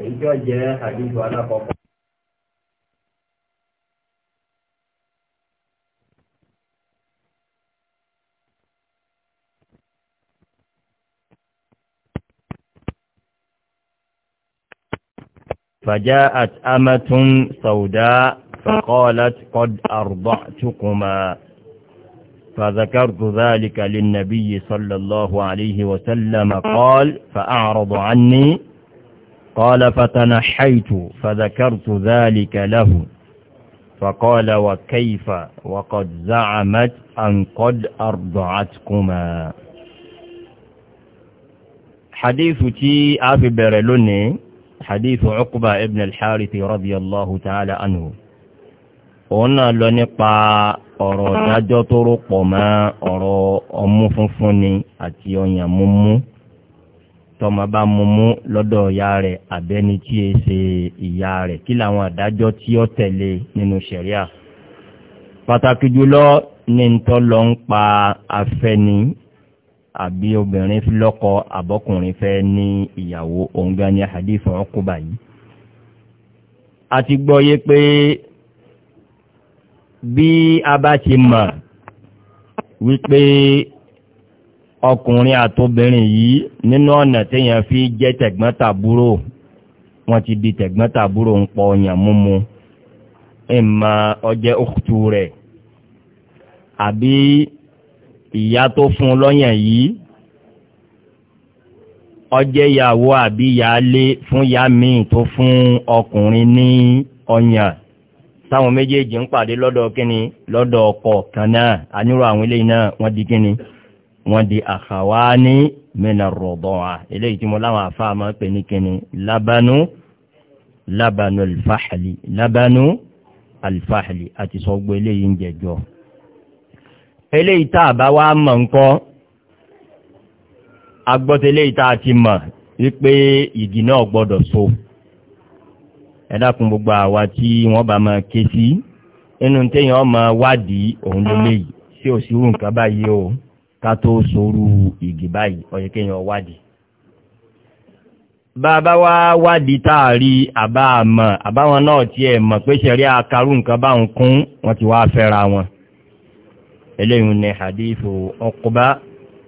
فجاءت أمة سوداء فقالت قد أرضعتكما فذكرت ذلك للنبي صلى الله عليه وسلم قال فأعرض عني قال فتنحيت فذكرت ذلك له فقال وكيف وقد زعمت أن قد أرضعتكما حديث تي آفي برلوني حديث عقبة ابن الحارث رضي الله تعالى عنه ona lọ nípa ọ̀rọ̀ dájọ́ tó rọ́pọ̀ mọ́ ọ̀rọ̀ ọmú funfun àti ọ̀yàn tọmọ bá mumu lọ́dọ̀ ìyá rẹ̀ àbẹ́ni tí e ṣe ìyá rẹ̀ kí làwọn àdájọ́ tí ó tẹ̀lé nínú ṣẹ̀ríà pàtàkì jùlọ ní ntọ́ lọ ń pa afẹ́ni àbí obìnrin lọ́kọ àbọ́kùnrin fẹ́ ní ìyàwó òun gan ni hadith ọkùnbà yìí a ti gbọ́ yé pé bí a bá ti mọ̀ wípé ọkùnrin àtobìnrin yìí nínú ọ̀nà téèyàn fi jẹ́ tẹ̀gbọ́ntàbúrò wọ́n ti di tẹ̀gbọ́ntàbúrò ń pọ̀ ọ̀yàn múmu ìmọ̀ ọjẹ́ òkùtù rẹ̀ àbí ìyá tó fún lọ́yàn yìí ọjẹ́ ìyàwó àbí ìyáálé fún ìyá míì tó fún ọkùnrin ní ọ̀yàn táwọn méjèèjì ń pàdé lọ́dọ̀ kíni lọ́dọ̀ ọkọ kan náà anírò àwọn eléyìí náà wọ́n di kíni wọ́n di akhawani min ar-rida'a eléyìí tí mo láwọn àfáà máa pè ní kíni lábánú lábánú alfahli lábánú alfahli àti sọgbó eléyìí ń jẹjọ eléyìí tá a bá wá mọ̀ nǹkan agbọ́tẹ̀ eléyìí tá a ti mọ̀ wípé igi náà gbọ́dọ̀ so ẹ gbogbo àwa tí wọ́n bá máa ké sí inú téèyàn máa wádìí òun lélẹ́yìí sí òsì nǹkan báyìí o ká tó sorú ìgì báyìí ó yẹ bàbá wa wádìí táàrí àbá àmọ́ àbáwọn náà tí ẹ mọ̀ pé ṣẹ̀rí akarú nǹkan báwọn kún wọ́n ti wá fẹ́ra wọn eléyìn ní hadithu Uqba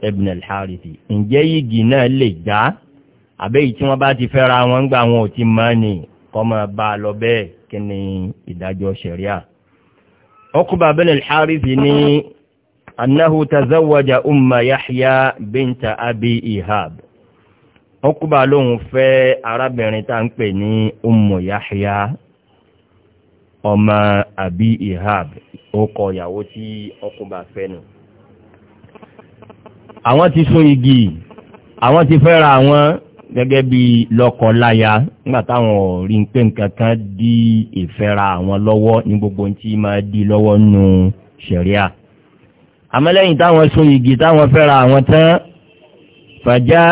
ibn al-Harithi ǹjẹ́ igi náà lè já àbẹ́yìí tí wọ́n bá ti fẹ́ra wọn ń gbà wọn ò ti mọ́ ni kọ́mọ bá lọ bẹ́ẹ̀ kí ni ìdájọ́ ṣẹ̀ríà Uqba ibn al-Harithi ní annahu tazawwaja umma yahya binta abi ihab ọkùbà lóhun fẹ́ arábìnrin tá ń pè ní ummu yahya ọmọ abi ihab ọkọ ìyàwó tí ọkùbà fẹ́ nù àwọn ti sún igi àwọn ti fẹ́ra àwọn gẹ́gẹ́ bí lọ́kọ láya nígbà táwọn ò rí nǹkan di ìfẹ́ra àwọn lọ́wọ́ ní gbogbo tí máa di lọ́wọ́ nù sẹ̀ríà àmọ́ lẹ́yìn táwọn so igi táwọn fẹ́ra àwọn tán fàjá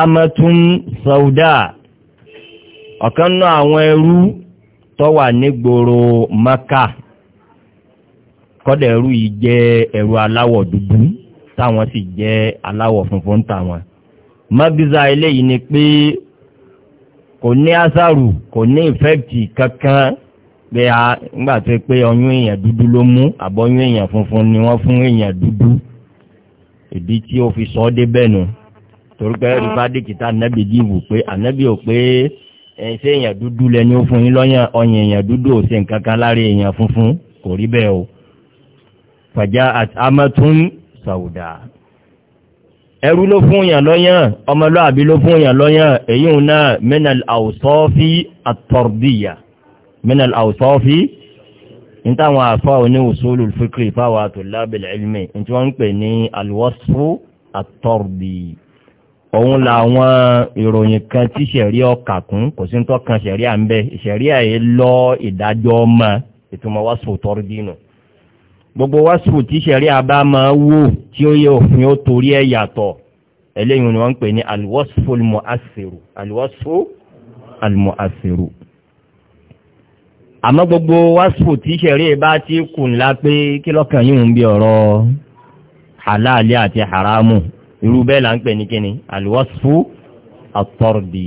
amẹ́tún sọ́ọ́dà ọ̀kan náà àwọn ẹrú tó wà nígboro maka kọ́dà ẹrú yìí jẹ́ ẹrú aláwọ̀ dúdú táwọn sì jẹ́ aláwọ̀ funfun táwọn mabiza eléyìí ni pé kò ní asaru kò ní ìfẹ́kìtì kankan pé a ńgbà tó pé ọyún èèyàn dúdú ló mú àbọ̀yún èèyàn funfun ni wọ́n fún èèyàn dúdú ìdí tí ó fi sọ dé débẹ̀ nù torí pé rìfádìkì tá ah. ànábì pé ànábì ò pé ṣé èèyàn dúdú lẹni ó fún yín lọ́yàn ọyàn èèyàn dúdú ò ṣe nǹkan kan lára èèyàn funfun kò rí bẹ́ẹ̀ o sàwùdà ẹrú ló fún yàn lọ́yàn ló fún yàn minal awsafi ní táwọn àfa òní usulul fikri fáwọn àtòlábìlì ilmi ní tí wọ́n ń pè ní alwasfu at-tarbi òun làwọn ìròyìn kan tí ṣẹ̀rí ọkà kún kò sí ń tọ́kan ṣẹ̀rí à ń bẹ́ ṣẹ̀rí àyè lọ ìdájọ́ ọmọ ìtumọ̀ wasfu at-tarbi nù gbogbo wasfu tí ṣẹ̀rí àbá máa wò tí ó yẹ òfin ó torí ẹ̀ yàtọ̀ eléyìí ni wọ́n ń pè ní alwasfu al-mu'assiru alwasfu al àmọ́ gbogbo wáṣípù tí ṣẹ̀rí bá ti kù ńlá pé kí lọ́kàn yìí ń bí ọ̀rọ̀ halali àti haramu irú bẹ́ẹ̀ là ń pè ní kíni àlùwọ́sípù àtọ́rọ̀dì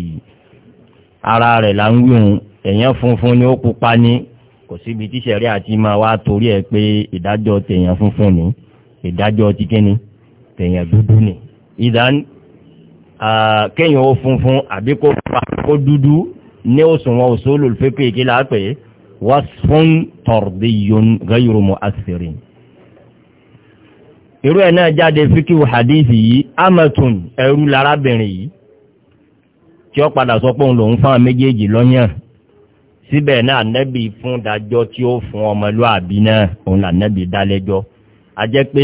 ara rẹ̀ là ń wíhun èèyàn funfun ni ó pupa ní kò síbi tí ṣẹ̀rí àti máa wá torí ẹ̀ pé ìdájọ́ tèèyàn funfun ni ìdájọ́ ti kíni tèèyàn dúdú ni ìdán kéèyàn ó funfun àbí kó dúdú ní òṣùwọ̀n òṣòlù fẹ́pẹ́ kí láà pè é wasfun tọ̀rdíyun ghayru mu'assirin irú ẹ̀ náà jáde fíkíwù hadithi yìí amatun ẹrú lárábìnrin yìí tí ó padà sọ pé òun lòun fáwọn méjèèjì lọ́yàn síbẹ̀ náà nẹ́bí fún dájọ́ tí ó fún ọmọlúàbí náà òun là nẹ́bí dálẹ́jọ́ a jẹ́ pé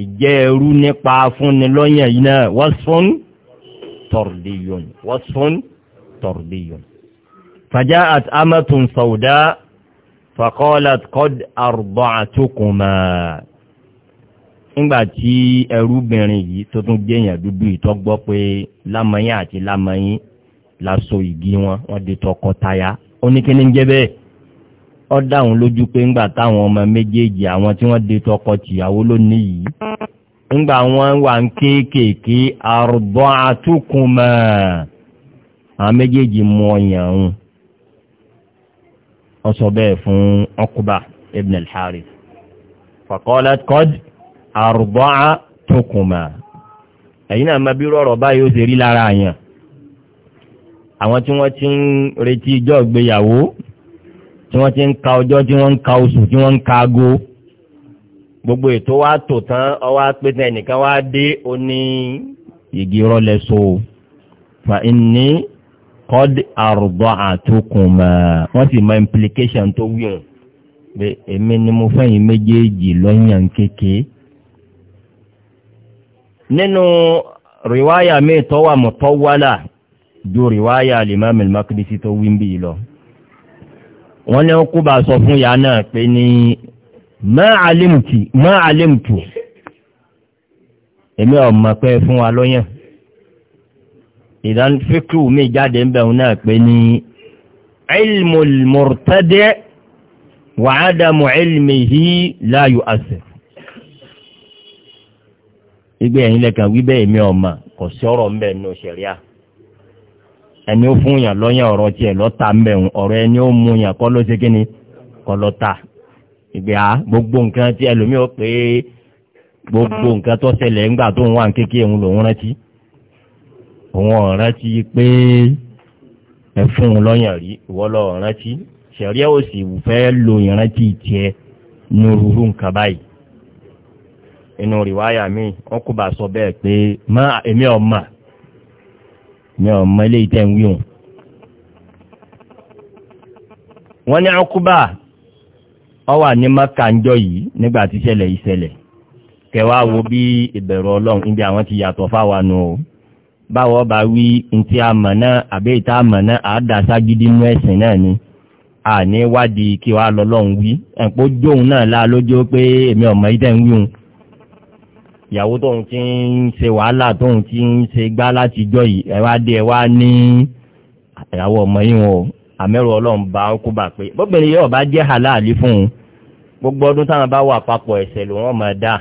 ìjẹ́ ẹrú nípa fúnni lọ́yàn yìí náà wasfun tọ̀rdíyun wasfun tọ̀rdíyun فجاءت أمة سوداء فقالت قد أرضعتكما nígbà tí ẹrúbìnrin yìí tó tún jẹ́yàn dúdú ìtọ́gbọ́ pé lámọ́yìn àti lámọ́yìn láso ìgi wọn wọ́n di tọkọtaya ó ní kí ní jẹ́ bẹ́ẹ̀ ó dáhùn lójú pé ńgbà táwọn ọmọ méjèèjì àwọn tí wọ́n di tọkọtìyàwó lónìí yìí ńgbà wọ́n wà ń kéékèèké àrùbọ́n àtúkùnmọ́ àwọn méjèèjì mọ ọ̀yàn ọ̀hún ọsọ bẹ́ẹ̀ fún ọkùbà ibn al-harith fàkọ́lá kọ́d àrùbọ́à tókùnmá ẹ̀yìn náà máa bí rọ̀rọ̀ báyìí ó ṣe rí lára àyàn àwọn tí wọ́n ti ń retí ijọ́ ìgbéyàwó tí wọ́n ti ń ka ọjọ́ tí wọ́n ń ka oṣù tí wọ́n ń ka ago gbogbo ètò wa tò tán ọwọ́ apẹ́tẹ̀ nìkan wá dé ó ìgì rọlẹ̀ so fa inni kọ́d àrùbọ̀ àtúkùnmá wọ́n sì mọ implication tó wí ọ̀n pé èmi ni mo fẹ́ yín méjèèjì lọ́yàn kéke. nínú rìwáyà mi tọ́wà mọ̀ tọ́wálà ju rìwáyà alimami makidisi tó wí ń bì lọ. wọ́n ní kú bá sọ fún ìyá náà pé ní má alimtu má alimtu èmi ọ̀ mọ̀ pé fún wa lọ́yàn ìdán fíkú mi jáde ń bẹ̀rún náà pé ní ilmul murtadi wa adamu ilmihi igbe ẹ̀yin lẹ́kàn wíbẹ̀ èmi ọ̀ma kò sí ọ̀rọ̀ ń bẹ̀ nù ṣẹ̀ríà ẹni ó fún yàn lọ́yàn ọ̀rọ̀ tiẹ̀ lọ́ta ń bẹ̀ ọ̀rọ̀ ẹni ó mú yàn kọ́ ló ṣe kí ni kọ́ lọ́ta ìgbé a gbogbo nǹkan tí ẹlòmíì pé gbogbo nǹkan tó ṣẹlẹ̀ ńgbà tó ń wà kékeré òun lòún òun ọ̀rántí pé ẹ lọ́yàn rí ìwọ́ lọ ọ̀rántí ṣẹ̀ríà ò sì fẹ́ lo ìrántí tiẹ̀ ní orúurú nǹkan báyìí inú rìwáyà mi wọn kò bá sọ bẹ́ẹ̀ pé má èmi ọ̀ma èmi ọ̀ma ilé ìtẹ̀ ń wí òun. wọ́n ní ọkùbà ọ wà ní maka yìí nígbà tí ìṣẹ̀lẹ̀ ìṣẹ̀lẹ̀ kẹwàá wo bí ìbẹ̀rù ọlọ́run níbi àwọn ti yàtọ̀ fáwọn nù o báwọ̀ bá wí ntí a mọ̀ náà àbí ìta mọ̀ náà àádásá gidi nú ẹ̀sìn náà ni a ní wádìí kí wàá lọ́lọ́run wí ẹ̀pọ̀ jóun náà la lójó pé èmi ọ̀mọ yìí tẹ̀ ń wíhun ìyàwó tóun ti ń ṣe wàhálà tóun ti ń ṣe gbá látijọ́ yìí ẹ wá dé ẹ wá ní ìyàwó ọmọ yìí wọn o àmẹ́rù ọlọ́run bá ń kúbà pé bóbìnrin yóò bá jẹ́ hàlàálí fún un gbogbo ọdún táwọn bá wà papọ̀ ẹ̀sẹ̀ lòun ọmọ dá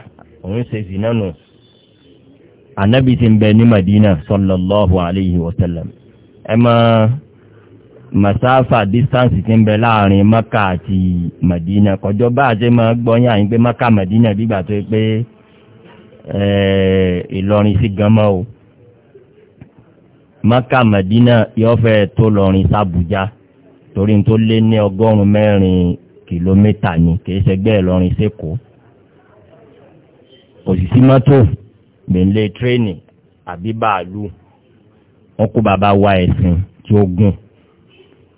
òun ṣe zìnánù anabi ti ń bẹ ní madina sallallahu alayhi wa sallam ẹ mọ masafa distance ti ń bẹ láàrin maka àti madina kọjọ bá a ṣe máa gbọyìn àyìn pé maka madina bígbà tó yẹ pé ìlọrin sí ganmọ o maka madina yóò fẹ́ tó lọrin sàbújá torí tó lé ní ọgọ́rùn-ún kìlómítà ni kì í ṣẹgbẹ́ ìlọrin sẹ́kọ̀ọ́ òṣìṣẹ́ mọ́tò gbẹ̀ǹlẹ̀ tírénì àbí bàálù wọn kó bàbá wa ẹ̀sìn tí ó gùn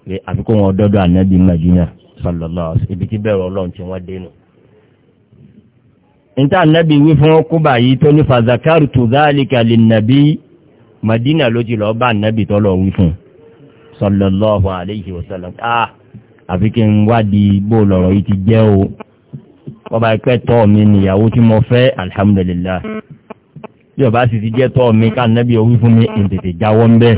pé àfikún wọn dọ́dọ̀ ànábì Madina sọlọ́lọ́ ibi tí bẹ̀rù ọlọ́run tí wọ́n dénú. níta ànábì wí fún wọn báyìí tó ní fàzàkárù tó dáàlìkà lè nàbí Madina ló ti lọ́ọ́ bá ànábì tọ́lọ̀ wí fún sọlọ́lọ́ àlẹ́yìí wọ́sọ̀lọ́ ah àfikún wádìí bó lọ̀rọ̀ yìí ti jẹ́ o ọba ìpẹ́ tọ́ mi níyàwó tí mo fẹ́ alhamdulillah bí ọba sì ti jẹ́ tọ́ mi ká nẹ́bí owí fún mi ń tètè jáwọ́ ń bẹ́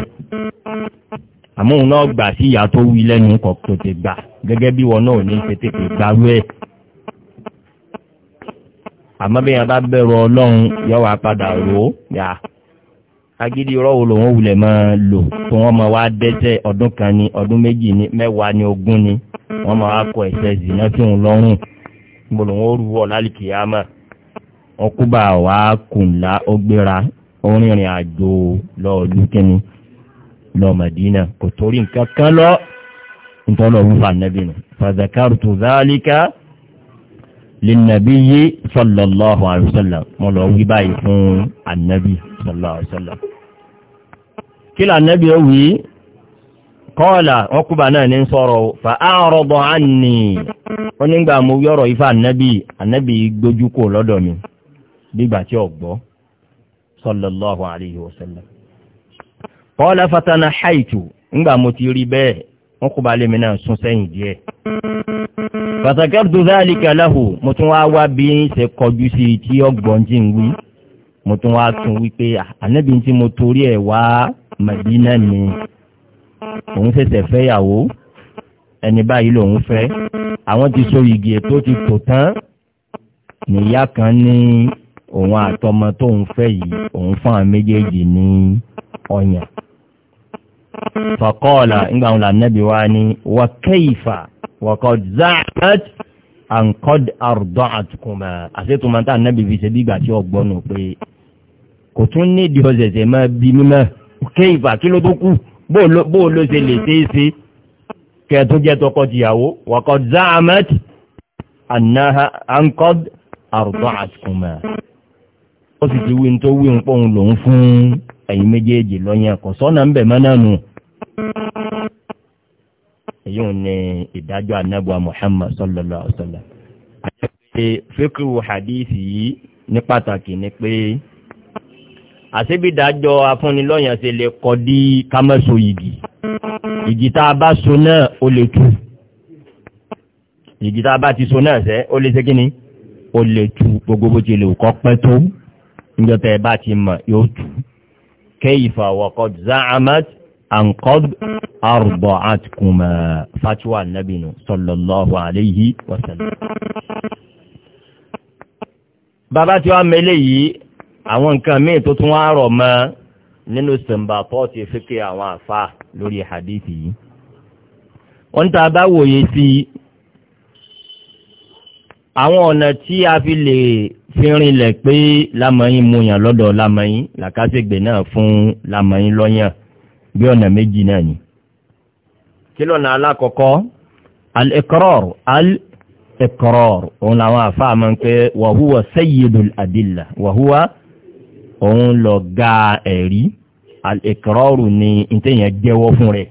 àmọ́ òun náà gbà sí ìyá tó wí lẹ́nu kọ̀ tètè gbà gẹ́gẹ́ bí wọn náà ní tètè gbàrú ẹ̀ àmọ́ bí yẹn bá bẹ̀rù ọlọ́run yọ wá padà rò ó yà agídí rọ́wọ́ lòun wulẹ̀ máa lò tó wọ́n máa wá dẹ́sẹ̀ ọdún kan ni ọdún méjì ni mẹ́wàá ni ogún ni wọ́n máa wá kọ ẹ̀sẹ̀ zìnà sí òun lọ́rùn gbọ́dọ̀ wọ́n rú wọ̀ lálìkìyàmọ́ ọkúbà wà kùnlá ó gbéra ó rìnrìn àjò lọ́ọ̀lú kínní lọ màdínà kò torí nǹkan kan lọ ntọ́lọ̀ wúfà nàbì nù fàzàkàrùtù záálíkà lìnàbíyí sọlọ́lọ́hu àrùsọ̀lá mo lọ wí báyìí fún ànàbì sọlọ́hu kí là ó wí kọ́ọ̀là ọkùnbà náà ní sọ̀rọ̀ fa àrọ̀bọ̀ àní onígbà mo yọ̀rọ̀ ifá ànàbì ànàbì gbójú kò lọ́dọ̀ mi nígbà tí ó gbọ́ sallallahu alayhi wa sallam. qala fatana haitu ńgbà mo ti rí bẹ́ẹ̀ wọ́n kó balẹ̀ mi náà sún sẹ́yìn díẹ̀. fàtàkẹ́tù dhalika lahu mo tún wá wá bí ń ṣe kọjú sí i tí ọgbọ́n jì ń wí mo tún wá tún wí pé ah, ànábì tí mo torí ẹ̀ wá Mẹ̀dínà ni òun ṣẹ̀ṣẹ̀ fẹ́yàwó ẹni báyìí lòun fẹ́ àwọn ti so igi ètò ti tò tán nìyá kan ní òun àtọmọ tó ń fẹ́ yìí òun fún àwọn méjèèjì ní ọyàn. fọkọ́ọ̀là ńgbà wọn lànàbí wa ní wàkẹ́yìfà wàkọ́d zaat àǹkọ́d àrùdọ́ àtùkùnmá àṣetùmọ̀ tá ànàbí fi ṣe bígbà tí ọgbọ́n nù pé kò tún ní ìdí ọ̀sẹ̀sẹ̀ máa bí mímọ́ kẹ́yìfà kí ló tó kù bó ló ṣe lè ṣeé ṣe kẹtún jẹ́ tọkọ tìyàwó wàkọ́d zaat àǹkọ́d àrùdọ́ àtùkùnmá ó sì ti wí ní tó wí ń pọ́n lòún fún ẹ̀yin méjèèjì lọ́yìn àkọ́sọ́nà ń bẹ̀ mọ́ náà nù. èyí ò ní ìdájọ́ anábùa muhammad sallallahu alayhi wa sallam. àti pé fíkìrù hadithi yìí ní pàtàkì ni pé àṣebídájọ́ afúnilọ́yìn ṣe lè kọ́ dí kámẹ́sọ yìgì ìgì tá a bá so náà ó lè tú ìgì tá a bá ti so náà sẹ́ ó lè ṣe kí ni ó lè tú gbogbo bó ti lè kọ́ pẹ́ tó níjọ́ tẹ́ bá ti mọ̀ yóò tù kayfa wa qad za'amat an qad arba'atkuma fatuwa nabinu sallallahu alayhi wa sallam. bàbá tí wàá mẹ́lẹ̀ yìí àwọn nǹkan míì tó tún wá rọ̀ mọ́ nínú sèǹbà pọ́ọ̀tì fíkì àwọn àfa lórí hadith yìí wọ́n ta bá wòye sí àwọn ọ̀nà tí a fi lè fi rinlẹ̀ pé lámọ̀yìn muyàn lọ́dọ̀ lámọ̀yìn làkàṣègbè náà fún lámọ̀yìn lọ́yàn bí ọ̀nà méjì náà ni. kí lọ́nà alákọ̀ọ́kọ́ al-iqrar al-iqrar òun làwọn àfáà máa pé wa huwa sayyidul adilla òun lọ ga ẹ̀rí al-iqrar ni ìtẹ̀yàn jẹ́wọ́ fún rẹ̀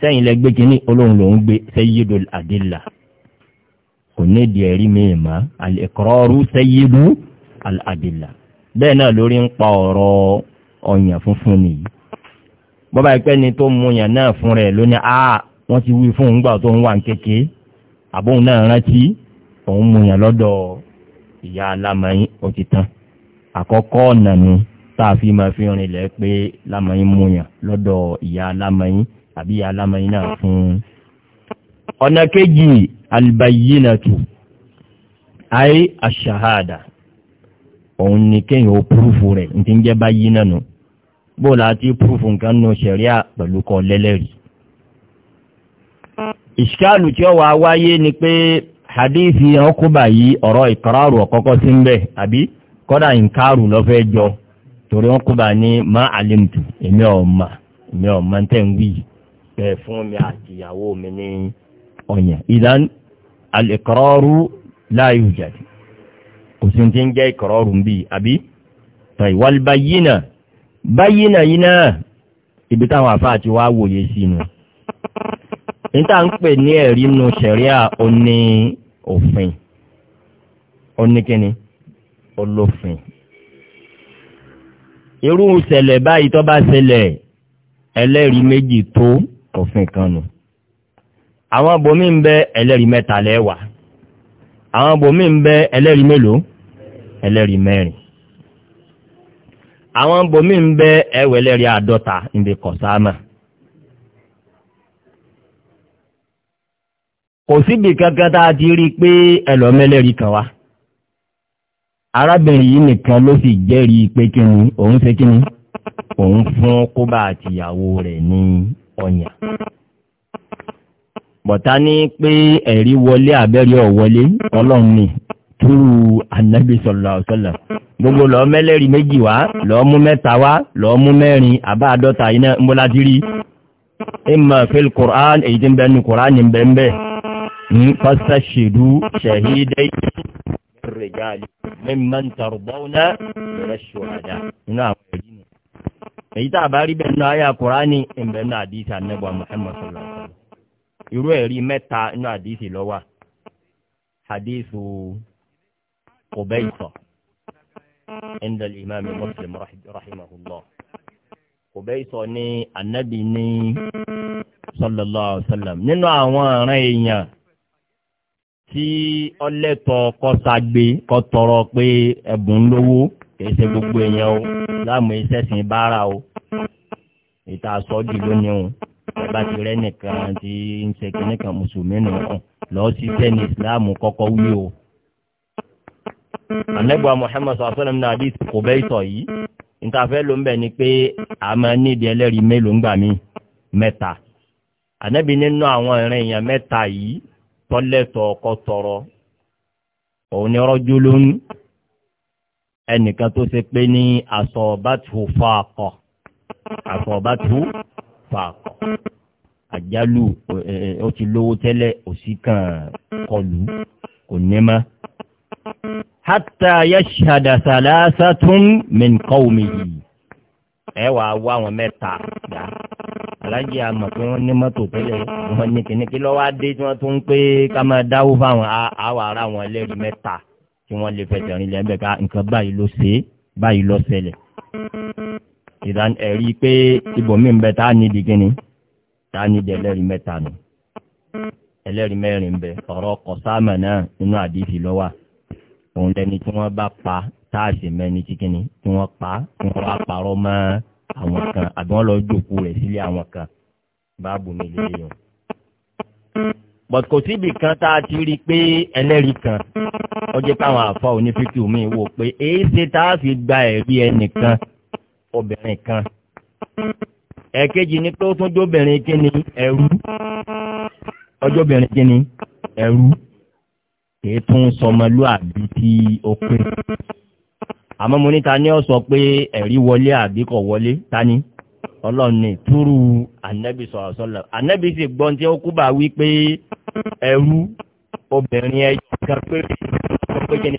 sẹ́yìn lẹ́gbẹ́ kínní olóhùn lòún gbé sayyidul adilla kò ní di ẹ̀rí míì mọ́ àlẹ́kọ̀ọ́rú sẹ́yìnbú àdìlà bẹ́ẹ̀ náà lórí ń pa ọ̀rọ̀ ọ̀yàn funfun nìyí bọ́bá ìpẹ́ ni tó mú yàn náà fún rẹ̀ lónìí a wọ́n ti wí fún ìgbà tó ń wà kéke àbóhùn náà rántí òun mú yàn lọ́dọ̀ ìyá alámọ̀yìn ó ti tán àkọ́kọ́ ọ̀nà ni tá a fi máa fi rinlẹ̀ pé lámọ̀yìn mú yàn lọ́dọ̀ ìyá alámọ̀yìn àbí ìyá alámọ̀yìn náà fún un. ọ̀nà kejì albayyinatu ayé aṣahada òun ni kéèyàn ó púrúfù rẹ̀ ní ti ń jẹ́ bó ti púrúfù nǹkan nù ṣẹ̀ríà pẹ̀lú kọ́ lẹ́lẹ́rìí. ìṣkáàlù tí ó wà wáyé ni pé hadithi ọkùnbà yìí ọ̀rọ̀ ìkọ̀rọ̀rù ọ̀kọ́kọ́ sí ń bẹ̀ àbí kọ́dà ìǹkaàrù lọ́fẹ́ jọ torí ọkùnbà ní má alimtu èmi ọ̀ èmi ọ̀ tẹ̀ ń wí bẹ́ẹ̀ fún mi àti ìyàwó mi ní. ọ̀yàn ìdán alìkọ́rọ́rù láàyè òjàdì kò sí ti ń jẹ́ ìkọ́rọ́rù ń bì àbí tàìwálì báyìnà báyìnà yìí náà ibi táwọn àfáà ti wá wòye sí nu níta ń pè ní ẹ̀rí nu sẹ̀ríà ó ní òfin ó olófin irú ṣẹlẹ̀ báyìí tó bá ṣẹlẹ̀ ẹlẹ́rìí méjì tó òfin kan nù. No àwọn abòmí ń bẹ ẹlẹ́rìí mẹ́ta lẹ́wà àwọn abòmí ń bẹ ẹlẹ́rìí mélòó ẹlẹ́rìí mẹ́rin àwọn abòmí ń bẹ ẹwẹ́ ẹlẹ́rìí àádọ́ta ìdè kọ̀sáàmà. kò síbi kankan tá a ti rí i pé ẹlọ́mẹ́lẹ́rìí kan wá arábìnrin yìí nìkan ló sì jẹ́rìí pé kíni òun ṣe kíni òun fún kóbá àtìyàwó rẹ̀ ní ọ̀yàn. bọ̀tá ní pé ẹ̀rí wọlé àbẹ́rí ọ̀wọlé ọlọ́run ni túrú ànábì sọ̀rọ̀ àwọ̀sọ̀lọ̀ gbogbo lọ mẹ́lẹ́rì méjì wá lọ mú mẹ́ta wá lọ mú mẹ́rin àbá àdọ́ta iná ń bọ́lá dírí ìmọ̀ fíl kùrán èyí tí ń bẹnu kùrán ní bẹ́ẹ̀ ń fọ́sẹ̀ ṣèlú ṣẹ̀hídẹ́ rẹ̀jáàlì mímọ́ ń tàrùbọ́nà rẹ̀ ṣùhàdà nínú àwọn èyí irú ẹ̀rí mẹ́ta inú àdìsí lọ́wọ́ àdìsí kòbẹ́ìsọ̀ inda imam muslim rahimahullah kòbẹ́ìsọ̀ ní anabi ní sallallahu alayhi wa sallam nínú àwọn ọ̀ràn èèyàn tí ọlẹ́tọ̀ kọ́sàgbé kọ́tọ̀rọ̀ pé ẹ̀bùn lówó kìí ṣe gbogbo èèyàn o láàmú iṣẹ́ sìn bára o ìta sọ́jú lónìí o bá ti rẹ́ nìkan tí ń ṣe kí nìkan mùsùlùmí nìkan lọ́ọ́ sí sẹ́ni ìsìláàmù kọ́kọ́ wí o. ànẹ́gbà Muhammad sọ àfẹ́lẹ́ mi náà àbí kò bẹ́ ìtọ̀ yìí níta fẹ́ ló ń bẹ̀ ni pé a máa nídìí ẹlẹ́rìí mélòó ń gbà mí mẹ́ta. ànẹ́bí nínú àwọn ìrìn èèyàn mẹ́ta yìí tọ́lẹ̀tọ̀ ọkọ tọrọ òun ni rọ́jú lónìí ẹnìkan tó ṣe pé ní àsọ̀bátù fọ́ àkọ́ àsọ̀bátù fàkọ̀ àjálù ó ti lówó tẹ́lẹ̀ òsì kan kọlù kò ní mọ́. hátà yashada salasatun min qawmihi ẹ wà wá àwọn mẹ́ta dá alájí àmọ̀ pé wọ́n ní mọ́tò tẹ́lẹ̀ wọ́n ní kìnnìkì lọ́wọ́ adé tí wọ́n tún pé ká máa dáwó fáwọn àwọn ará wọn ẹlẹ́rìí mẹ́ta tí wọ́n lè fẹsẹ̀ rìn lẹ́ẹ̀bẹ̀ ká nǹkan báyìí ló ṣe báyìí ló ṣẹlẹ̀ ìdán ẹ̀rí pé ibòmí ń bẹ tá a nídìí gíní tá a nídìí ẹlẹ́rìí mẹ́ta nù ẹlẹ́rìí mẹ́rin bẹ ọ̀rọ̀ kọ̀sáàmà náà nínú àdìsí lọ́wà òun lẹni tí wọ́n bá pa tá a sì mẹ́ni tí gíní tí wọ́n pa tí wọ́n wá parọ́ mọ́ àwọn kan àbí wọ́n lọ jòkó rẹ̀ sílé àwọn kan báàbù mi lè yàn. bọ̀t kò síbi kan tá a ti rí i pé ẹlẹ́rìí kan ó jẹ́ káwọn àfọ onífíkì mi wò pé èé ṣe tá a fi gba ẹ̀rí ẹnìkan obìnrin kan ẹ̀kejì ni pé ó tún jóbìnrin kíni ẹ̀rú ọjọ́bìnrin kíni ẹ̀rú kìí tún sọmọlúàbí tí ó pé àmọ́ mo níta ní ó sọ pé ẹ̀rí wọlé àbí kò wọlé tani ọlọ́run ní túrú ànẹ́bí sọ̀rọ̀ sọ́lọ̀ ànẹ́bí sì gbọ́n tí ó kú bá wí pé ẹ̀rú obìnrin ẹ̀jọ̀ kan pé ó pé kíni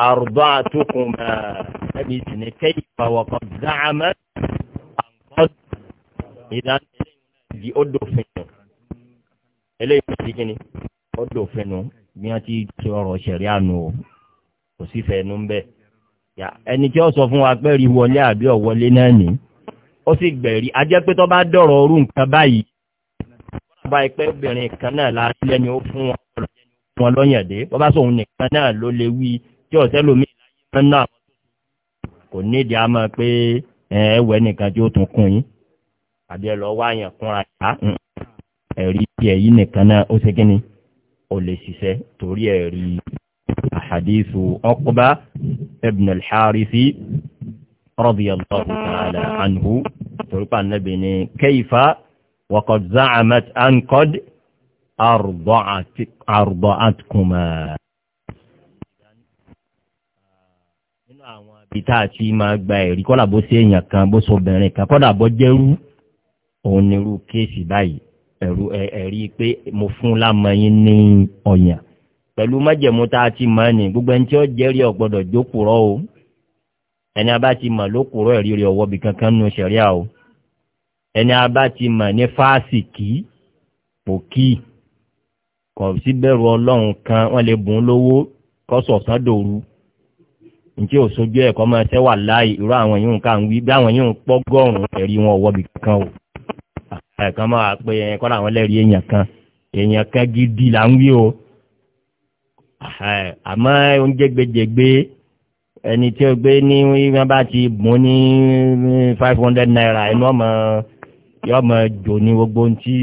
أرضعتكما بإذن كيف وقد زعمت أن قد إذا di ọdọ fẹnu eléyìí ti di kíni ọdọ fẹnu bí wọn ti ti ọ̀rọ̀ sẹrí àánú o kò sí fẹnu bẹ yà ẹni tí ó sọ fún wa pẹ́ẹ́rì wọlé àbí ọ̀wọ́lé náà ni ó sì gbẹ̀rí ajẹ́ pé tó bá dọ̀rọ̀ orú nǹkan báyìí wọ́n bá ẹgbẹ́ obìnrin kan náà láti lẹ́ni ó fún wọn lọ́yàn dé wọ́n bá sọ òun nìkan náà ló lè wí tí ọ̀sẹ́ lomi ìlànà náà kò nídìí a máa pé ẹ̀ẹ́wẹ̀ nìkan tí ó tún kún yín àbí ẹ lọ wá yàn kúnra yá mm. ẹ̀rí tiẹ̀ yìí nìkan náà ó ṣe kíni ò lè ṣiṣẹ́ torí ẹ̀rí àhàdíṣù ọkùnbá ibn al-harisi rọ́bìyàlọ́hù tààlà ànhú torípa nàbì ni kẹ́ìfà wọ́kọ̀ zaamat ankod àrùbọ̀ àtkùnmáà. ìta àti máa gba ẹ̀rí kọ́dà bó ṣe èèyàn kan bó ṣe obìnrin kan kọ́dà bó jẹ́rú òun ni irú kéèsì báyìí ẹ̀rí pé mo fún lámọyín ní ọ̀yàn pẹ̀lú májẹ̀mú tá a ti mọ̀ ni gbogbo ẹni tí ó jẹ́rìí ọ̀gbọ́dọ̀ jókòrọ́ o ẹni a bá ti mọ̀ ló kúrò ẹ̀rí rẹ̀ ọwọ́ bí kankan nù sẹ̀ríà o ẹni a bá ti mọ̀ ní fáàsì kì í pòkì kọ̀ síbẹ̀rù ọlọ́run kan wọ́n lè bùn lówó kọ́sọ̀ọ́sán dòru njẹ́ òṣojú ẹ̀kọ́ máa tẹ́ wà láàyè irú àwọn yìí nǹkan wí bí àwọn yìí ń pọ́ gọ́ọ̀rùn ẹ̀rí wọn wọ́bi kan o ẹ̀kan máa pe ẹ̀yẹn kọ́ làwọn lẹ́rìí èèyàn kan èèyàn kan gidi là ń wí o àmọ́ oúnjẹ gbẹjẹgbẹ ẹni tí ó gbé ní wọn bá ti bùn ní five hundred naira ẹnu ọmọ yọ ọmọ jò ní gbogbo ohun tí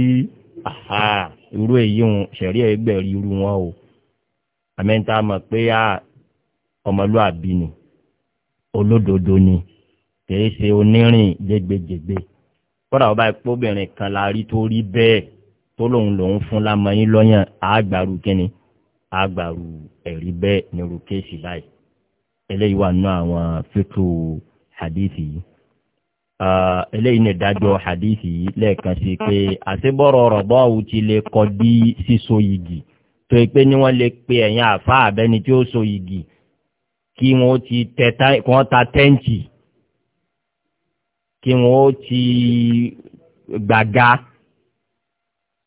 irú èyí ń ṣẹ̀rí ẹgbẹ̀rí irú wọn o àmẹ́ńtà mọ̀ pé ọmọlúàbí ni olódodo ni kìí ṣe onírìn jẹgbẹjẹgbẹ kódà ọba ìpóbìnrin kan la rí tó rí bẹ́ẹ̀ tó lòun lòun fún lámọyín lọ́yàn àgbàrú kínní àgbàrú ẹ̀rí bẹ́ẹ̀ nírú kéèsì báyìí eléyìí wà nínú àwọn fíkù hadithi yìí eléyìí ní ìdájọ́ hadithi yìí lẹ́ẹ̀kan sí pé àṣebọ̀rọ̀ rọ̀bọ́ọ̀wù ti lè kọ́ di síso igi tó yẹ pé ni wọ́n lè pe ẹ̀yìn àfa àbẹ́ni tí ó so igi kí wọ́n ti tẹ̀ta wọ́n ta tẹ́ǹtì kí wọ́n ti gbàga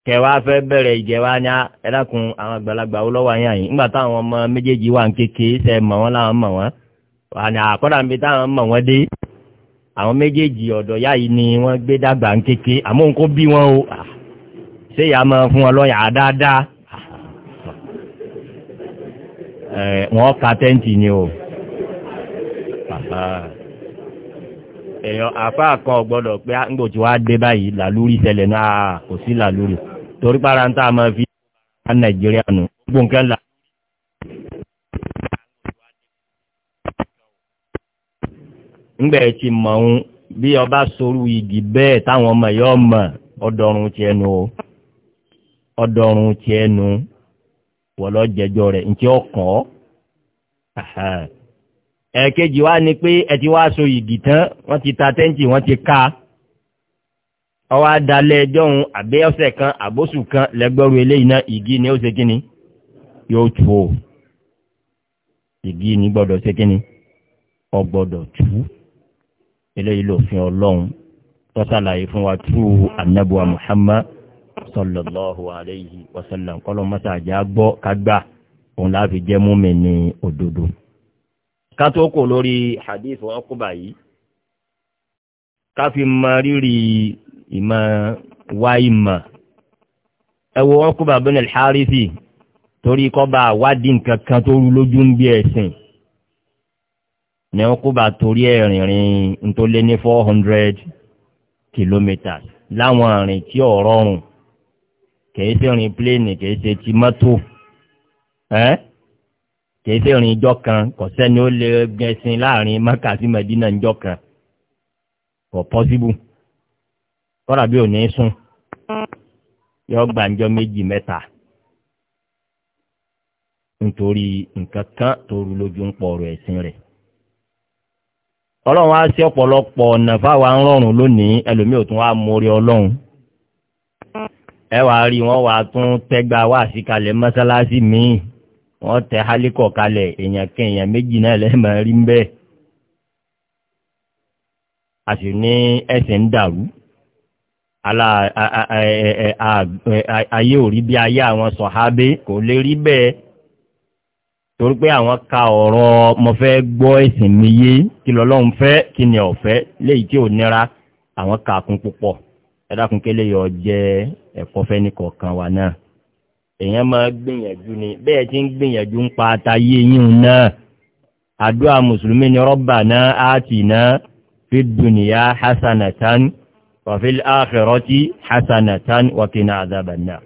kẹwàá fẹ́ bẹ̀rẹ̀ ìjẹwà ní ẹ̀dàkùn àwọn àgbàlagbà ó lọ́wọ́ àyàn yìí nígbà táwọn ọmọ méjèèjì wà ń kéke ṣe mọ̀ wọ́n láwọn mọ̀ wọ́n àní àkọ́dà níbi táwọn mọ̀ wọ́n dé àwọn méjèèjì ọ̀dọ̀ yá yìí ni wọ́n gbé dàgbà ń kéke àmọ́ nǹkó bí wọ́n o ṣé ìyá máa fún wọn lọ́yà dáadáa Eh, wọn ka tẹ́ǹtì ni o èèyàn kan pé tí wàá dé báyìí làlúrí náà kò sí làlúrí torí para ń a fi ká nàìjíríà nù gbogbo nǹkan là. ti bí ọba sorú igi táwọn ọmọ yóò ọdọọrùn wọlọ jẹjọ rẹ ntí ọkàn ẹ̀ẹ̀kejì wa ni pé ẹ ti wá so yìgì tán wọ́n ti ta tẹ́ǹtì wọ́n ti ká ọwọ́ adalẹ̀ ẹjọ́ òun àbẹ́ ọ̀sẹ̀ kan àbóṣù kan lẹ́gbẹ́rú eléyìí náà yìgì ni ó ṣe kí ni yóò tu o yìgì ni gbọ́dọ̀ ṣe kí ni ọ gbọ́dọ̀ tu eléyìí lòfin ọlọ́run tọ́sàlàyé fún wa tú anabuwa muhammad sọlọ́lọ́hu aleyhi wasalam kọ́lọ́ mọ́sàájá gbọ́ kágbà òun láfi jẹ́ múmi ní òdodo. kátókò lórí hadith ọkùnbà yìí káfí mọ rírì ìmọ̀ wá ìmọ̀ ẹ wo ọkùnbà bẹ́ẹ̀ ní alḥarifi torí kọ́ba àwádìí nǹkan kan tó rú lójú ń bí ẹ̀sìn ní ọkùnbà torí ẹ̀ rìnrìn ntólé four hundred kilometres láwọn àrìn tí ọ̀rọ̀ rùn. kìí ṣe rìn pléènì kìí ṣe ti mọ́tò ẹ́ kìí ṣe rìn ìjọ kan kò sẹ́ni ó lè láàrin maka sí mẹ́dínà ìjọ kan kò pọ́síbù kọ́ra bí ò yọ gbàǹjọ méjì mẹ́ta nítorí nǹkan kan tó rú lójú ń pọ̀ ọ̀rọ̀ ẹ̀sìn rẹ̀ ọlọ́run á sí ọ̀pọ̀lọpọ̀ ọ̀nà lónìí ẹ wàá rí wọn wàá tún tẹgbà wá sí kalẹ̀ mọ́sálásí míì wọ́n tẹ hálíkọ̀ kalẹ̀ èèyàn kan èèyàn méjì náà lẹ́ẹ̀mọ́ rí ń bẹ́ẹ̀. a sì ní ẹsẹ̀ ń dàrú ayé ò rí bí ayé àwọn sọ̀hábé kò lè rí bẹ́ẹ̀ torí pé àwọn ka ọ̀rọ̀ mo fẹ́ gbọ́ ẹ̀sìn mi yé kí lọ́lọ́run fẹ́ kí ni ọ̀fẹ́ léyìí tí ò nira àwọn kà kún púpọ̀ ẹ dákun kélé yọ jẹ́ ẹ̀kọ́ fẹ́ni kọ̀ọ̀kan wa náà èèyàn máa gbìyànjú ni bẹ́ẹ̀ tí ń gbìyànjú ń pa àtàyé yín náà àdúrà mùsùlùmí ni rọ́bà náà áàtì náà fi dùnìyà hasanatan wàfíl áàkẹrọtí hasanatan wàkínà àdàbànà.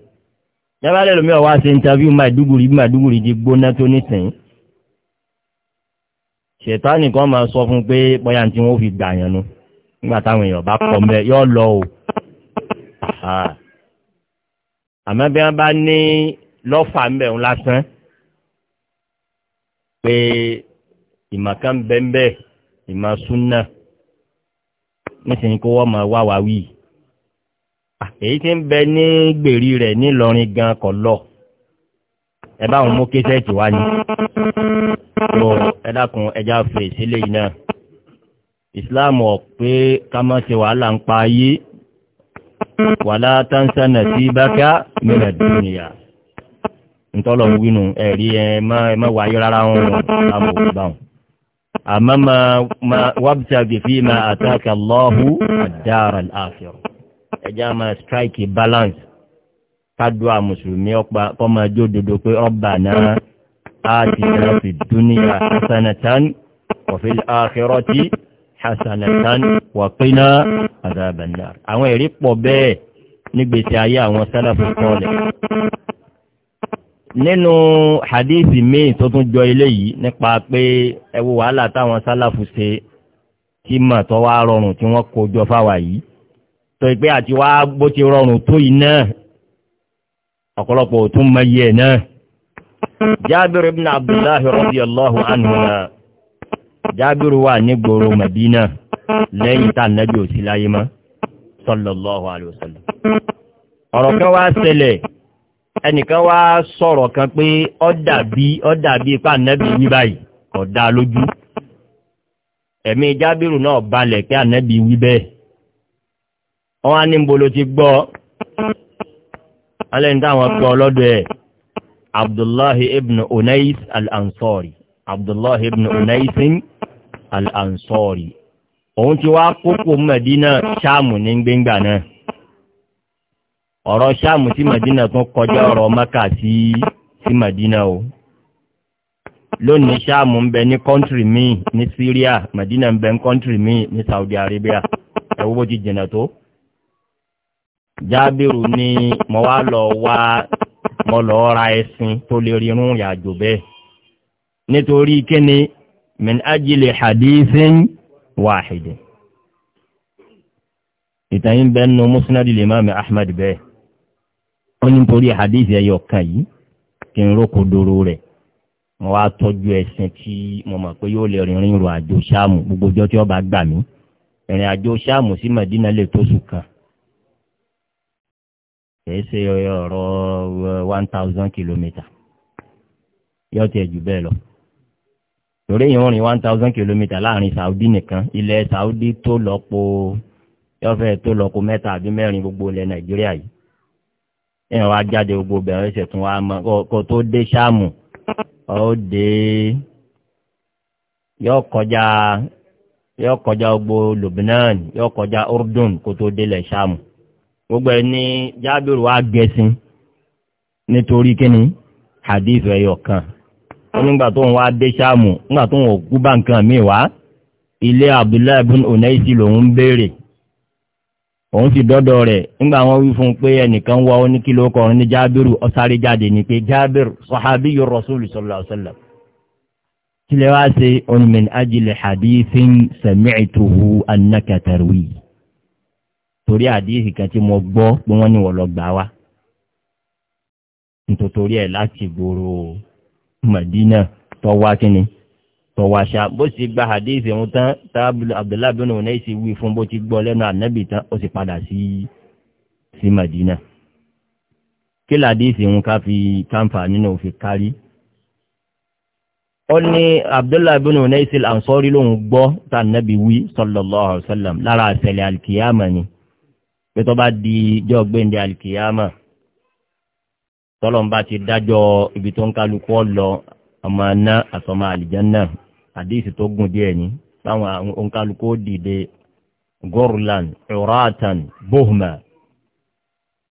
yàrá lẹ́lòmí ọ̀wá ṣe interview màdúgùrì màdúgùrì di gbóná tó nísìnyí ṣètánì kan máa sọ fún pé bọ́yá tí wọ́n fi gbà yẹn nu nígbà táwọn èèyàn bá pọ̀ mẹ́ yọ́ lọ o ah àmọ́ bí wọ́n bá ní lọ́fà ń bẹ̀ ń lásán pé ìmọ̀kan bẹ́ńbẹ́ ìmọ̀ súnà nísìnyí kó wọ́n máa wá wá wí. èyí tí ń bẹ ní gbèrí rẹ̀ nílọrin gan kọ̀ lọ ẹ bá wọn mú kéṣẹ́ẹ̀tì wá ní. tó ẹ dákun ẹja fèsì lẹ́yìn náà ìsìláàmù ọ̀ pé ká má ṣe wàhálà ń pa ayé wàlá tánsá nasibaka min ad-dunya ntọ́lọ̀ wínú ẹ̀rí ẹ má wáyé rárá wọn láwọn òkúba wọn. àmọ́ ma wabtaghi fima ataka Allahu ad-dar al-akhirah ẹjẹ́ a máa strike balance kádùá mùsùlùmí ọ̀pá kọ́ máa jó dodo pé ọba náà á ti sẹ́nà fi dúníyà hasanatan wa fil akhirati hasanatan wàpínà àdàbànà àwọn ẹ̀rí pọ̀ bẹ́ẹ̀ nígbèsè ayé àwọn sálàfù kọ́ọ̀lẹ̀ nínú hadithi míì tó tún jọ ilé yìí nípa pé ẹwọ wàhálà táwọn sálàfù ṣe tí mà tó wá rọrùn tí wọ́n kó jọ fáwà yìí tó ìpé àti wá bó ti rọrùn tó yìí ọ̀pọ̀lọpọ̀ tún mọ iye náà jábìrì ibn abdullahi rọ́bì allahu anhu jábìrù wà nígboro mẹ̀dínà lẹ́yìn tá nẹ́bí ò sí láyé mọ́ sọlọ́lọ́hu àlùsọ̀lọ́. ọ̀rọ̀ kan wá ẹnìkan sọ̀rọ̀ kan pé ọ́ dàbí ọ́ dàbí ipá nẹ́bí wí báyìí kò dá lójú. ẹ̀mí jábírù náà balẹ̀ pé ànẹ́bí wí bẹ́ẹ̀. wọ́n á ní bolo ti gbọ́ abdullahi ibn onais al-ansori abdullahi ibn unaisin al-ansori òun ti wá kókò mẹ́dínà ṣáàmù ní gbéngbà náà ọ̀rọ̀ ṣáàmù sí mẹ́dínà tún kọjá ọ̀rọ̀ mẹ́kà sí sí mẹ́dínà o lónìí ṣáàmù ń bẹ ní kọ́ńtìrì míì ní syria mẹ́dínà ń bẹ ní kọ́ńtìrì míì ní saudi arabia ẹ̀wọ́ ti jìnà tó jábìrù ni mo wá lọ wá mo lọ ra ẹṣin tó lè rí irun ìrìn àjò bẹ́ẹ̀ nítorí kíni min ajílè hadithin wahidin ìtàyín bẹ́ẹ̀ nù musnadi limami ahmed bẹ́ẹ̀ ó ní nítorí hadith ẹ̀yọ̀ kan yìí kí n rókò dòrò rẹ̀ mo wá tọ́jú ẹ̀sìn tí mo mọ̀ pé yóò lè rìnrìn ìrò àjò sáàmù gbogbo ọjọ́ tí ọba gbà mí ìrìn àjò sáàmù sí madina lè tó sùn kan kìí ṣe ọ̀rọ̀ uh, one thousand kilometre yóò tẹ̀ jù bẹ́ẹ̀ lọ torí èèyàn rìn one thousand kilometre láàrin saudi nìkan ilẹ̀ saudi tó lọ́pọ̀ yọ́fẹ́ tó lọ́pọ̀ mẹ́ta àbí mẹ́rin gbogbo ilẹ̀ nàìjíríà yìí èèyàn wá jáde gbogbo bẹ̀rẹ̀ ṣẹ̀ tún wá mọ kó tó dé sáàmù ó dé yọ kọjá yọ kọjá gbogbo lubnan yọ kọjá urdun kó tó délẹ̀ sáàmù gbogbo ẹni jábìrì wá gẹ̀ẹ́sìn nítorí kíni hadith ẹ̀yọ̀ kan nígbà tó ń wá dé sáàmù nígbà tó ń wò kú bá nǹkan míì wá ilé abdullahi onaisi lòun béèrè òun sì dọ́dọ̀ rẹ̀ nígbà wọn wí fún pé ẹnìkan wá ó ní ní jábìrù ọ̀sáré jáde ní pé jábìrù sọ̀hábí yóò rọ̀ṣúlù sọ̀lá ọ̀sẹ̀lẹ̀ kílẹ̀ wá ṣe onímọ̀ ajílẹ̀ hadithin sẹ̀mìtìhù anakataruwi torí àdíhì kan tí mo gbọ́ pé wọ́n ní wọ́n lọ gbà wá nítorí ẹ̀ láti gbòòrò madina tọwa kíni tọwa ṣá bó sì gba hadith ìhun tán tábìlì abdullahi bin ọ̀nà ìsì wí fún bó ti gbọ́ lẹ́nu ànábì tán ó sì padà sí sí madina kí hadith ìhun ká fi káǹfà nínú òfin kárí ó ní abdullahi bin ọ̀nà ìsì ansori lòun gbọ́ tá ànábì wí sallallahu alayhi wa sallam lára àṣẹlẹ̀ alikiyama ni pé tó bá di jọ́ gbẹ̀ndẹ̀ alikiyama tọ́lọ́mbà ti dájọ́ ibi tó ń kálukú lọ ọmọ aná àtọmọ àlìjánná àdéhìsì tó gùn díẹ̀ ní táwọn òǹkálukú dìde gorlan uratan bohma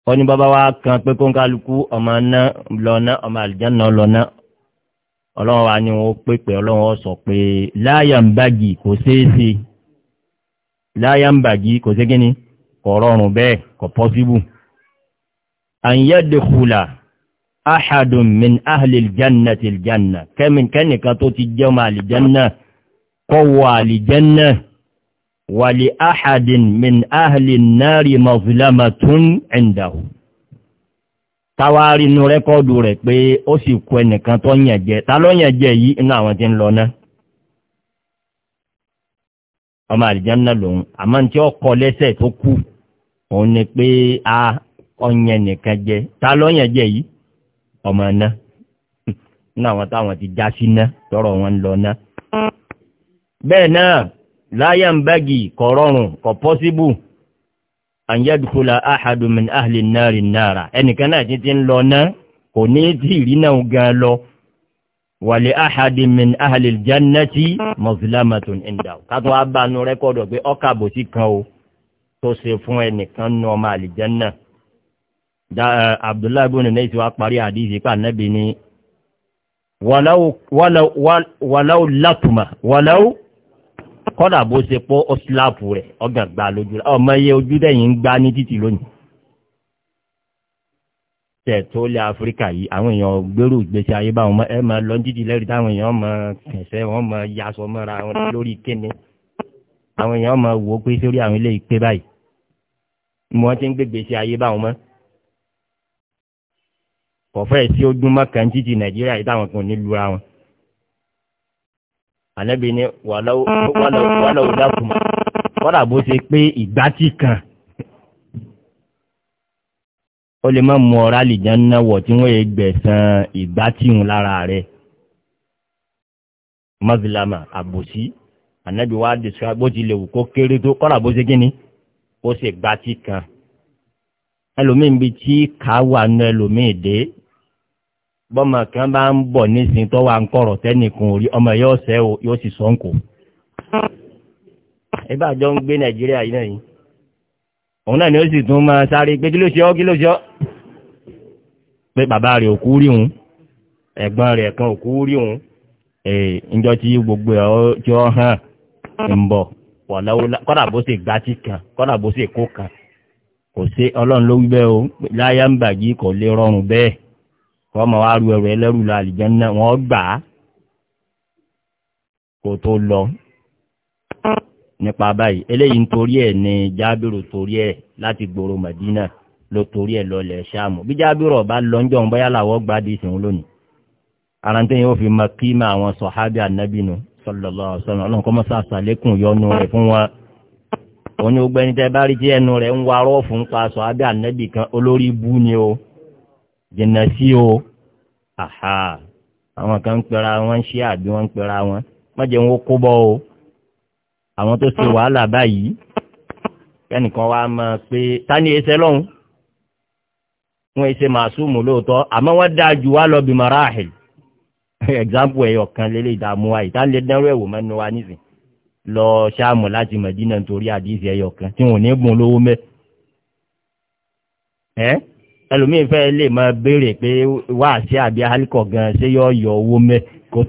wọ́n ní bàbá wa kan pé kó ń kálukú ọmọ aná lọ́nà ọmọ àlìjánná lọ́nà ọlọ́run wa ni wọ́n pépè ọlọ́run ọ sọ pé láyà ń bàgì kò ṣeé ṣe kò ṣe kíni kò rọrùn bẹ́ẹ̀ kò pọ́síbù àyẹ̀dẹ̀kùlà ahadun min ahlil janna til janna kẹ́min kẹ́nìkan tó ti jẹ́ ọmọ àlìjanna kọ́ wọ àlìjanna wàlì ahadin min ahlil náàrí mazlamatun indahu tawari inú rẹ́kọ́ọ̀dù rẹ̀ pé ó sì kọ ẹnìkan tó yànjẹ́ ta ló yànjẹ́ yìí inú àwọn tí ń lọ náà ọmọ àlìjánná lòun àmọ́ tí ó kọ lẹ́sẹ̀ tó kú òun ni pé a ọ̀yàn nìkan jẹ ta ló yànjẹ́ yìí ọmọ ná nínú àwọn táwọn ti já sí ná tọrọ wọn lọ ná. bẹ́ẹ̀ náà láyà ń bági kọ̀ rọrùn kọ̀ pọ́síbù àyẹ̀dùkúlà àhàdùmí àhìlì náà rìn náà ẹnìkan náà ti ti ń lọ ná kò ní tí ìrí náà gan lọ wàlẹ̀ àhàdì àhàlì jannati mọ̀sílámàtún ìndà kátó abánú rẹ́kọ̀dọ̀ pé ọkà bòsí kan o tó ṣe fún ẹnìkan nù ọmọ àlìjánná Eh, abdullahi ibn nẹ́ẹ̀sì wa parí àdíṣe pa nẹ́bi ni wàláwù látùmá wàláwù kọ́dà bó ṣe pọ́ ọ́síláàpù rẹ̀ ọ̀gàgbà lójú ọmọ iye ojú dẹ̀yìn ń gbá ní títì lónìí tẹ̀ tó lé áfíríkà yìí àwọn èèyàn gbèrú ìgbésí ayé báwọn ọmọ ẹ mọ lọ́ndídì lẹ́rìí táwọn èèyàn mọ kẹsẹ́ wọn mọ yaṣọ mọ́ra wọn lórí kíni àwọn èèyàn mọ wò ó pé sórí àwọn ilé ìpè báyìí ni ti ń gbégbèsí ayé báwọn mọ́ kọ̀fẹ́ sí ojúmọ́ kan títí nàìjíríà yìí táwọn kan nílùú ra wọn. ànábì ni wàlọ́ òdàkùn kọ́dà bó ṣe pé ìgbà tí kan ó lè má mú ọ̀rá lìjà ń náwọ̀ tí wọ́n yẹ gbẹ̀sán ìgbà tí ń lára rẹ̀ mazilama àbòsí ànábì wa dèsò bó ti lè wù kó kéré tó kọ́dà bó ṣe kíni ó ṣe gbà tí kan ẹlòmíín bíi tí kàá wà nù ẹlòmíín dé bọ́mọ kan bá ń bọ̀ nísìnyí tó wà ń kọ̀rọ̀ tẹ́nìkan orí ọmọ yóò sẹ́ o yóò sì sọ ń kò. ìbàjọ́ ń gbé nàìjíríà yìí náà yìí òun náà ni ó sì tún máa sáré pé kí ló ṣe ọ́ kí ló ṣe ọ́ pé bàbá rẹ̀ òkú rí òun ẹ̀gbọ́n rẹ̀ kan òkú rí òun ǹjọ́ tí gbogbo ẹ̀ tí ó hàn ń bọ̀ kọ́dà bó ṣe gàtí kan kọ́dà bó ṣe kó kan kò sí ọlọ́run ló wí bẹ́ẹ̀ o láyà ń bàjí kò lè rọrùn bẹ́ẹ̀ kọ́ ọmọ wa ru ẹrù ẹlẹ́rù lọ àlìjẹ́nà wọ́n gbà á kó tó lọ nípa báyìí eléyìí nítorí ẹ̀ ní jábìrò torí ẹ̀ láti gbòòrò mẹ̀dínà ló torí ẹ̀ lọlẹ̀ ṣáàmù bí jábìrò ọba lọ́njọ́ ń bọ́yá làwọ́ gbádìí sìn lónìí aráńtẹ́ yóò fi mọ kí mà àwọn sọ̀hábì ànábìnú sọlọ́lọ́ sọ̀nà ọlọ́run kọ́ mọ́sá àṣàlékún yọnu rẹ̀ fún wọn òun ni ó gbẹ́ni tẹ́ bá rí tí ẹnu rẹ̀ ń warọ́ fún pa sọ̀hábì ànábì kan olórí bú ni o jìnnà sí o àhà àwọn kan ń pera wọn ń ṣe àbí wọn ń pera wọn má jẹun ó kó bọ́ o àwọn tó ṣe wàhálà báyìí kẹ́nìkan wá máa pé tani ẹsẹ̀ lọ́hùn wọn ẹsẹ̀ màsúùmù lóòótọ́ àmọ́ wọ́n dáa jù wá lọ bí marahil example ẹ̀yọ̀ kan lélẹ̀ ìdààmú wa yìí táwọn lè dánwó ẹ̀wò mẹ́nu wa nísìn lọ ṣáàmù láti mẹ̀dínà nítorí àdìsí ẹ̀yọ̀ kan tí wọn ò ní gbọ́n lówó mẹ́ ẹ́. Eh? ẹlòmíín fẹ́ lè máa béèrè pé wáàsí àbí alikọ̀ gan ṣé yọ yọ owó mẹ́